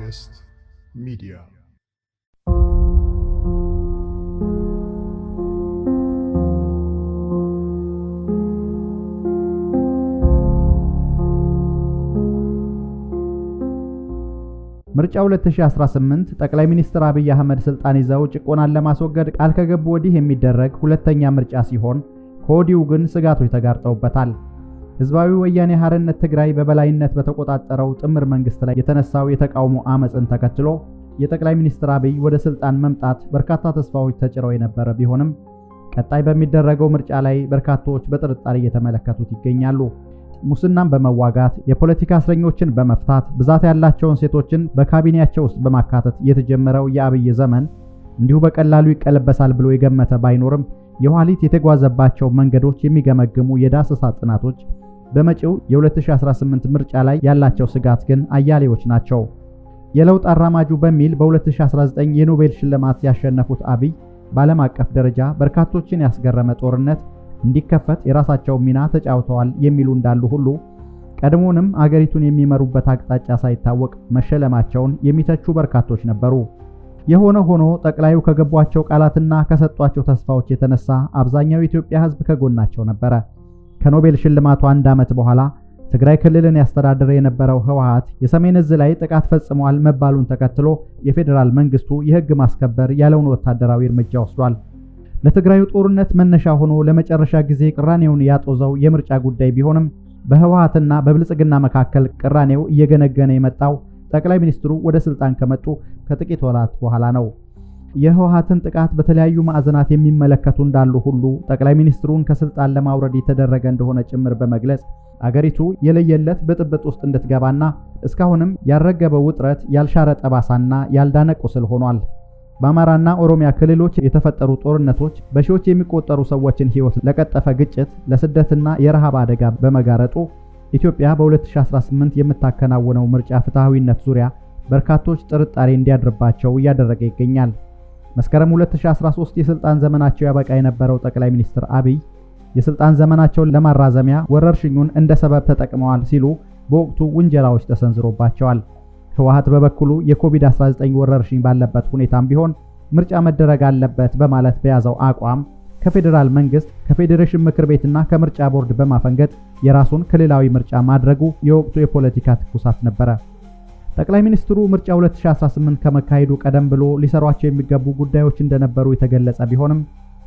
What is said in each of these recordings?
Podcast Media. ምርጫ 2018 ጠቅላይ ሚኒስትር አብይ አህመድ ስልጣን ይዘው ጭቆናን ለማስወገድ ቃል ከገቡ ወዲህ የሚደረግ ሁለተኛ ምርጫ ሲሆን ከወዲሁ ግን ስጋቶች ተጋርጠውበታል። ህዝባዊ ወያኔ ሐርነት ትግራይ በበላይነት በተቆጣጠረው ጥምር መንግስት ላይ የተነሳው የተቃውሞ አመፅን ተከትሎ የጠቅላይ ሚኒስትር አብይ ወደ ስልጣን መምጣት በርካታ ተስፋዎች ተጭረው የነበረ ቢሆንም ቀጣይ በሚደረገው ምርጫ ላይ በርካቶች በጥርጣሬ እየተመለከቱት ይገኛሉ። ሙስናን በመዋጋት የፖለቲካ እስረኞችን በመፍታት ብዛት ያላቸውን ሴቶችን በካቢኔያቸው ውስጥ በማካተት የተጀመረው የአብይ ዘመን እንዲሁ በቀላሉ ይቀለበሳል ብሎ የገመተ ባይኖርም የኋሊት የተጓዘባቸው መንገዶች የሚገመግሙ የዳሰሳ ጥናቶች በመጪው የ2018 ምርጫ ላይ ያላቸው ስጋት ግን አያሌዎች ናቸው። የለውጥ አራማጁ በሚል በ2019 የኖቤል ሽልማት ያሸነፉት አብይ በዓለም አቀፍ ደረጃ በርካቶችን ያስገረመ ጦርነት እንዲከፈት የራሳቸውን ሚና ተጫውተዋል የሚሉ እንዳሉ ሁሉ ቀድሞንም አገሪቱን የሚመሩበት አቅጣጫ ሳይታወቅ መሸለማቸውን የሚተቹ በርካቶች ነበሩ። የሆነ ሆኖ ጠቅላዩ ከገቧቸው ቃላትና ከሰጧቸው ተስፋዎች የተነሳ አብዛኛው የኢትዮጵያ ሕዝብ ከጎናቸው ነበረ። ከኖቤል ሽልማቱ አንድ ዓመት በኋላ ትግራይ ክልልን ያስተዳድር የነበረው ህወሓት የሰሜን እዝ ላይ ጥቃት ፈጽሟል መባሉን ተከትሎ የፌዴራል መንግስቱ የህግ ማስከበር ያለውን ወታደራዊ እርምጃ ወስዷል። ለትግራዩ ጦርነት መነሻ ሆኖ ለመጨረሻ ጊዜ ቅራኔውን ያጦዘው የምርጫ ጉዳይ ቢሆንም በህወሓትና በብልጽግና መካከል ቅራኔው እየገነገነ የመጣው ጠቅላይ ሚኒስትሩ ወደ ስልጣን ከመጡ ከጥቂት ወራት በኋላ ነው። የህወሀትን ጥቃት በተለያዩ ማዕዘናት የሚመለከቱ እንዳሉ ሁሉ ጠቅላይ ሚኒስትሩን ከስልጣን ለማውረድ የተደረገ እንደሆነ ጭምር በመግለጽ አገሪቱ የለየለት ብጥብጥ ውስጥ እንድትገባና እስካሁንም ያልረገበው ውጥረት ያልሻረ ጠባሳና ያልዳነ ቁስል ሆኗል። በአማራና ኦሮሚያ ክልሎች የተፈጠሩ ጦርነቶች በሺዎች የሚቆጠሩ ሰዎችን ህይወት ለቀጠፈ ግጭት፣ ለስደትና የረሃብ አደጋ በመጋረጡ ኢትዮጵያ በ2018 የምታከናውነው ምርጫ ፍትሐዊነት ዙሪያ በርካቶች ጥርጣሬ እንዲያድርባቸው እያደረገ ይገኛል። መስከረም 2013 የስልጣን ዘመናቸው ያበቃ የነበረው ጠቅላይ ሚኒስትር አብይ የስልጣን ዘመናቸውን ለማራዘሚያ ወረርሽኙን እንደ ሰበብ ተጠቅመዋል ሲሉ በወቅቱ ውንጀላዎች ተሰንዝሮባቸዋል። ህወሓት በበኩሉ የኮቪድ-19 ወረርሽኝ ባለበት ሁኔታም ቢሆን ምርጫ መደረግ አለበት በማለት በያዘው አቋም ከፌዴራል መንግስት ከፌዴሬሽን ምክር ቤትና ከምርጫ ቦርድ በማፈንገጥ የራሱን ክልላዊ ምርጫ ማድረጉ የወቅቱ የፖለቲካ ትኩሳት ነበረ። ጠቅላይ ሚኒስትሩ ምርጫ 2018 ከመካሄዱ ቀደም ብሎ ሊሰሯቸው የሚገቡ ጉዳዮች እንደነበሩ የተገለጸ ቢሆንም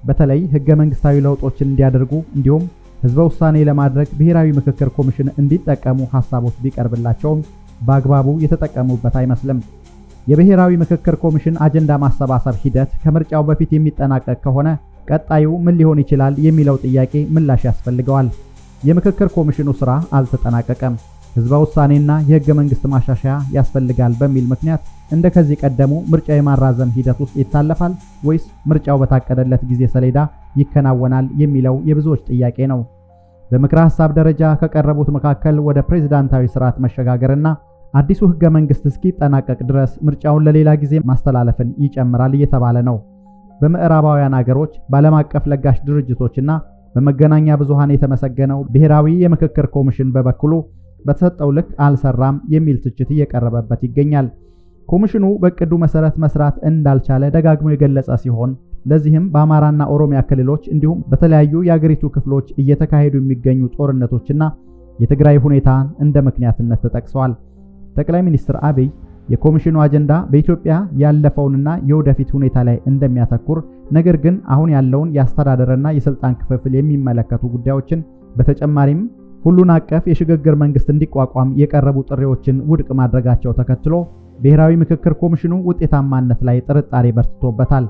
በተለይ ህገ መንግስታዊ ለውጦችን እንዲያደርጉ እንዲሁም ህዝበ ውሳኔ ለማድረግ ብሔራዊ ምክክር ኮሚሽን እንዲጠቀሙ ሐሳቦች ቢቀርብላቸውም በአግባቡ የተጠቀሙበት አይመስልም። የብሔራዊ ምክክር ኮሚሽን አጀንዳ ማሰባሰብ ሂደት ከምርጫው በፊት የሚጠናቀቅ ከሆነ ቀጣዩ ምን ሊሆን ይችላል የሚለው ጥያቄ ምላሽ ያስፈልገዋል። የምክክር ኮሚሽኑ ስራ አልተጠናቀቀም። ህዝበ ውሳኔና የህገ መንግስት ማሻሻያ ያስፈልጋል በሚል ምክንያት እንደ ከዚህ ቀደሙ ምርጫ የማራዘም ሂደት ውስጥ ይታለፋል ወይስ ምርጫው በታቀደለት ጊዜ ሰሌዳ ይከናወናል የሚለው የብዙዎች ጥያቄ ነው። በምክረ ሀሳብ ደረጃ ከቀረቡት መካከል ወደ ፕሬዝዳንታዊ ስርዓት መሸጋገርና አዲሱ ህገ መንግስት እስኪጠናቀቅ ድረስ ምርጫውን ለሌላ ጊዜ ማስተላለፍን ይጨምራል እየተባለ ነው። በምዕራባውያን አገሮች በዓለም አቀፍ ለጋሽ ድርጅቶችና በመገናኛ ብዙሃን የተመሰገነው ብሔራዊ የምክክር ኮሚሽን በበኩሉ በተሰጠው ልክ አልሰራም የሚል ትችት እየቀረበበት ይገኛል። ኮሚሽኑ በቅዱ መሰረት መስራት እንዳልቻለ ደጋግሞ የገለጸ ሲሆን ለዚህም በአማራና ኦሮሚያ ክልሎች እንዲሁም በተለያዩ የአገሪቱ ክፍሎች እየተካሄዱ የሚገኙ ጦርነቶችና የትግራይ ሁኔታን እንደ ምክንያትነት ተጠቅሰዋል። ጠቅላይ ሚኒስትር አብይ የኮሚሽኑ አጀንዳ በኢትዮጵያ ያለፈውንና የወደፊት ሁኔታ ላይ እንደሚያተኩር ነገር ግን አሁን ያለውን የአስተዳደርና የስልጣን ክፍፍል የሚመለከቱ ጉዳዮችን በተጨማሪም ሁሉን አቀፍ የሽግግር መንግስት እንዲቋቋም የቀረቡ ጥሪዎችን ውድቅ ማድረጋቸው ተከትሎ ብሔራዊ ምክክር ኮሚሽኑ ውጤታማነት ላይ ጥርጣሬ በርትቶበታል።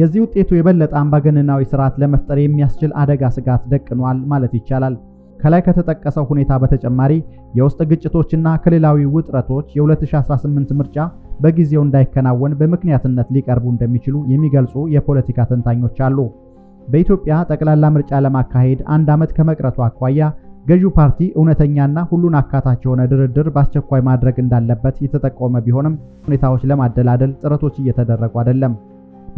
የዚህ ውጤቱ የበለጠ አምባገነናዊ ስርዓት ለመፍጠር የሚያስችል አደጋ ስጋት ደቅኗል ማለት ይቻላል። ከላይ ከተጠቀሰው ሁኔታ በተጨማሪ የውስጥ ግጭቶችና ክልላዊ ውጥረቶች የ2018 ምርጫ በጊዜው እንዳይከናወን በምክንያትነት ሊቀርቡ እንደሚችሉ የሚገልጹ የፖለቲካ ተንታኞች አሉ። በኢትዮጵያ ጠቅላላ ምርጫ ለማካሄድ አንድ ዓመት ከመቅረቱ አኳያ ገዢው ፓርቲ እውነተኛና ሁሉን አካታች የሆነ ድርድር በአስቸኳይ ማድረግ እንዳለበት የተጠቆመ ቢሆንም ሁኔታዎች ለማደላደል ጥረቶች እየተደረጉ አይደለም።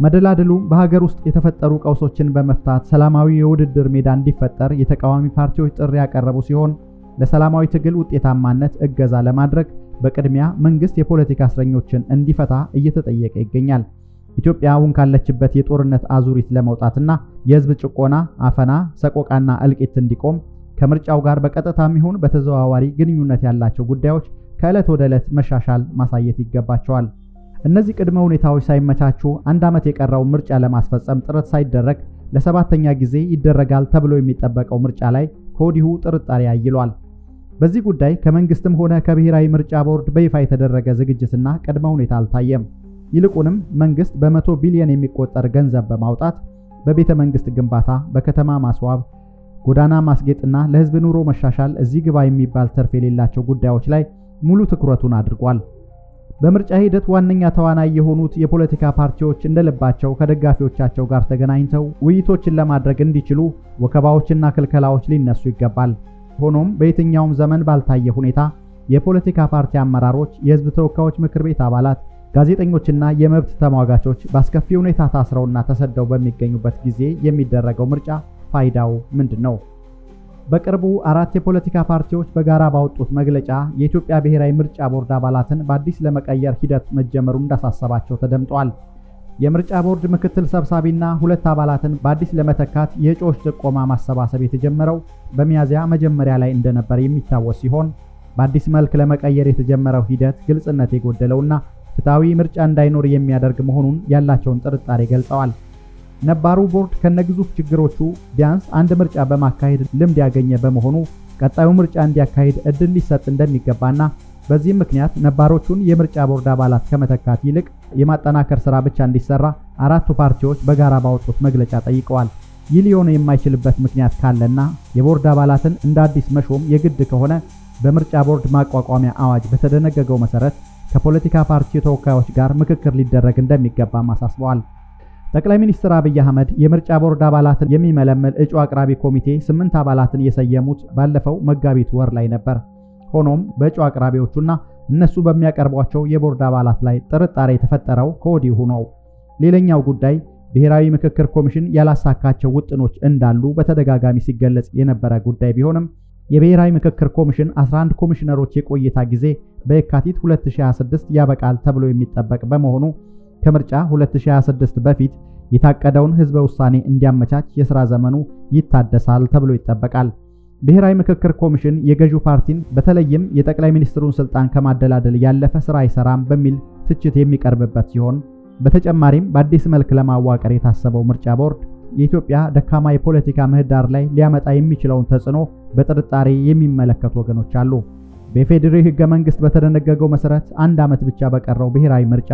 መደላደሉ በሀገር ውስጥ የተፈጠሩ ቀውሶችን በመፍታት ሰላማዊ የውድድር ሜዳ እንዲፈጠር የተቃዋሚ ፓርቲዎች ጥሪ ያቀረቡ ሲሆን ለሰላማዊ ትግል ውጤታማነት እገዛ ለማድረግ በቅድሚያ መንግስት የፖለቲካ እስረኞችን እንዲፈታ እየተጠየቀ ይገኛል። ኢትዮጵያ አሁን ካለችበት የጦርነት አዙሪት ለመውጣትና የህዝብ ጭቆና፣ አፈና፣ ሰቆቃና እልቂት እንዲቆም ከምርጫው ጋር በቀጥታ ይሁን በተዘዋዋሪ ግንኙነት ያላቸው ጉዳዮች ከዕለት ወደ ዕለት መሻሻል ማሳየት ይገባቸዋል። እነዚህ ቅድመ ሁኔታዎች ሳይመቻቹ አንድ ዓመት የቀረው ምርጫ ለማስፈጸም ጥረት ሳይደረግ ለሰባተኛ ጊዜ ይደረጋል ተብሎ የሚጠበቀው ምርጫ ላይ ከወዲሁ ጥርጣሬ አይሏል። በዚህ ጉዳይ ከመንግስትም ሆነ ከብሔራዊ ምርጫ ቦርድ በይፋ የተደረገ ዝግጅትና ቅድመ ሁኔታ አልታየም። ይልቁንም መንግስት በመቶ ቢሊዮን የሚቆጠር ገንዘብ በማውጣት በቤተ መንግስት ግንባታ፣ በከተማ ማስዋብ፣ ጎዳና ማስጌጥና ለህዝብ ኑሮ መሻሻል እዚህ ግባ የሚባል ተርፍ የሌላቸው ጉዳዮች ላይ ሙሉ ትኩረቱን አድርጓል። በምርጫ ሂደት ዋነኛ ተዋናይ የሆኑት የፖለቲካ ፓርቲዎች እንደልባቸው ከደጋፊዎቻቸው ጋር ተገናኝተው ውይይቶችን ለማድረግ እንዲችሉ ወከባዎችና ክልከላዎች ሊነሱ ይገባል። ሆኖም በየትኛውም ዘመን ባልታየ ሁኔታ የፖለቲካ ፓርቲ አመራሮች፣ የህዝብ ተወካዮች ምክር ቤት አባላት፣ ጋዜጠኞችና የመብት ተሟጋቾች በአስከፊ ሁኔታ ታስረውና ተሰደው በሚገኙበት ጊዜ የሚደረገው ምርጫ ፋይዳው ምንድን ነው? በቅርቡ አራት የፖለቲካ ፓርቲዎች በጋራ ባወጡት መግለጫ የኢትዮጵያ ብሔራዊ ምርጫ ቦርድ አባላትን በአዲስ ለመቀየር ሂደት መጀመሩን እንዳሳሰባቸው ተደምጧል። የምርጫ ቦርድ ምክትል ሰብሳቢና ሁለት አባላትን በአዲስ ለመተካት የእጩዎች ጥቆማ ማሰባሰብ የተጀመረው በሚያዝያ መጀመሪያ ላይ እንደነበር የሚታወስ ሲሆን በአዲስ መልክ ለመቀየር የተጀመረው ሂደት ግልጽነት የጎደለውና ፍትሐዊ ምርጫ እንዳይኖር የሚያደርግ መሆኑን ያላቸውን ጥርጣሬ ገልጸዋል። ነባሩ ቦርድ ከነግዙፍ ችግሮቹ ቢያንስ አንድ ምርጫ በማካሄድ ልምድ ያገኘ በመሆኑ ቀጣዩ ምርጫ እንዲያካሄድ እድል ሊሰጥ እንደሚገባና በዚህም ምክንያት ነባሮቹን የምርጫ ቦርድ አባላት ከመተካት ይልቅ የማጠናከር ስራ ብቻ እንዲሰራ አራቱ ፓርቲዎች በጋራ ባወጡት መግለጫ ጠይቀዋል። ይህ ሊሆን የማይችልበት ምክንያት ካለና የቦርድ አባላትን እንደ አዲስ መሾም የግድ ከሆነ በምርጫ ቦርድ ማቋቋሚያ አዋጅ በተደነገገው መሰረት ከፖለቲካ ፓርቲ ተወካዮች ጋር ምክክር ሊደረግ እንደሚገባም አሳስበዋል። ጠቅላይ ሚኒስትር አብይ አህመድ የምርጫ ቦርድ አባላትን የሚመለምል እጩ አቅራቢ ኮሚቴ ስምንት አባላትን የሰየሙት ባለፈው መጋቢት ወር ላይ ነበር። ሆኖም በእጩ አቅራቢዎቹና እነሱ በሚያቀርቧቸው የቦርድ አባላት ላይ ጥርጣሬ የተፈጠረው ከወዲሁ ነው። ሌላኛው ጉዳይ ብሔራዊ ምክክር ኮሚሽን ያላሳካቸው ውጥኖች እንዳሉ በተደጋጋሚ ሲገለጽ የነበረ ጉዳይ ቢሆንም የብሔራዊ ምክክር ኮሚሽን 11 ኮሚሽነሮች የቆይታ ጊዜ በየካቲት 2026 ያበቃል ተብሎ የሚጠበቅ በመሆኑ ከምርጫ 2026 በፊት የታቀደውን ህዝበ ውሳኔ እንዲያመቻች የሥራ ዘመኑ ይታደሳል ተብሎ ይጠበቃል። ብሔራዊ ምክክር ኮሚሽን የገዢው ፓርቲን በተለይም የጠቅላይ ሚኒስትሩን ስልጣን ከማደላደል ያለፈ ስራ አይሰራም በሚል ትችት የሚቀርብበት ሲሆን በተጨማሪም በአዲስ መልክ ለማዋቀር የታሰበው ምርጫ ቦርድ የኢትዮጵያ ደካማ የፖለቲካ ምህዳር ላይ ሊያመጣ የሚችለውን ተጽዕኖ በጥርጣሬ የሚመለከቱ ወገኖች አሉ። በፌዴሪ ህገ መንግስት በተደነገገው መሰረት አንድ ዓመት ብቻ በቀረው ብሔራዊ ምርጫ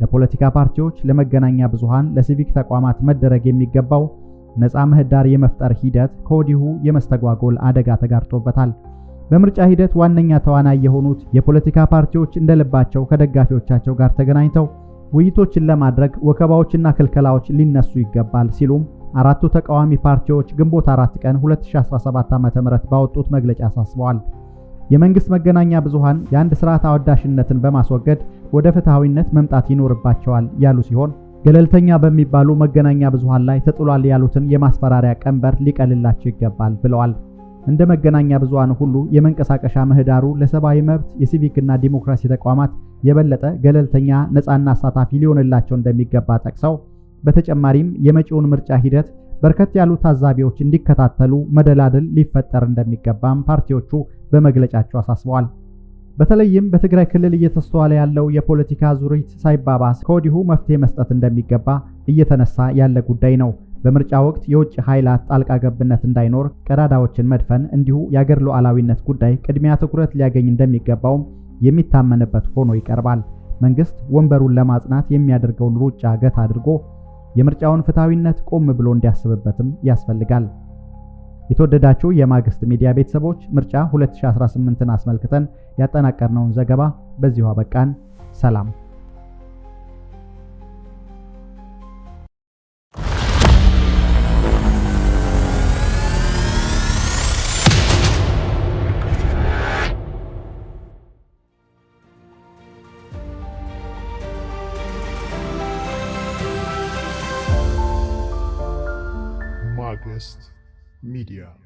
ለፖለቲካ ፓርቲዎች፣ ለመገናኛ ብዙሃን፣ ለሲቪክ ተቋማት መደረግ የሚገባው ነፃ ምህዳር የመፍጠር ሂደት ከወዲሁ የመስተጓጎል አደጋ ተጋርጦበታል። በምርጫ ሂደት ዋነኛ ተዋናይ የሆኑት የፖለቲካ ፓርቲዎች እንደልባቸው ከደጋፊዎቻቸው ጋር ተገናኝተው ውይይቶችን ለማድረግ ወከባዎችና ክልከላዎች ሊነሱ ይገባል ሲሉም አራቱ ተቃዋሚ ፓርቲዎች ግንቦት 4 ቀን 2017 ዓ.ም ባወጡት መግለጫ አሳስበዋል። የመንግስት መገናኛ ብዙሃን የአንድ ስርዓት አወዳሽነትን በማስወገድ ወደ ፍትሐዊነት መምጣት ይኖርባቸዋል ያሉ ሲሆን ገለልተኛ በሚባሉ መገናኛ ብዙሃን ላይ ተጥሏል ያሉትን የማስፈራሪያ ቀንበር ሊቀልላቸው ይገባል ብለዋል። እንደ መገናኛ ብዙሃን ሁሉ የመንቀሳቀሻ ምህዳሩ ለሰብአዊ መብት፣ የሲቪክና ዲሞክራሲ ተቋማት የበለጠ ገለልተኛ፣ ነፃና አሳታፊ ሊሆንላቸው እንደሚገባ ጠቅሰው በተጨማሪም የመጪውን ምርጫ ሂደት በርከት ያሉ ታዛቢዎች እንዲከታተሉ መደላድል ሊፈጠር እንደሚገባም ፓርቲዎቹ በመግለጫቸው አሳስበዋል። በተለይም በትግራይ ክልል እየተስተዋለ ያለው የፖለቲካ ዙሪት ሳይባባስ ከወዲሁ መፍትሄ መስጠት እንደሚገባ እየተነሳ ያለ ጉዳይ ነው። በምርጫ ወቅት የውጭ ኃይላት ጣልቃ ገብነት እንዳይኖር ቀዳዳዎችን መድፈን፣ እንዲሁ የአገር ሉዓላዊነት ጉዳይ ቅድሚያ ትኩረት ሊያገኝ እንደሚገባውም የሚታመንበት ሆኖ ይቀርባል። መንግስት ወንበሩን ለማጽናት የሚያደርገውን ሩጫ ገት አድርጎ የምርጫውን ፍትሐዊነት ቆም ብሎ እንዲያስብበትም ያስፈልጋል። የተወደዳችሁ የማግስት ሚዲያ ቤተሰቦች ምርጫ 2018ን አስመልክተን ያጠናቀርነውን ዘገባ በዚሁ አበቃን። ሰላም። Media.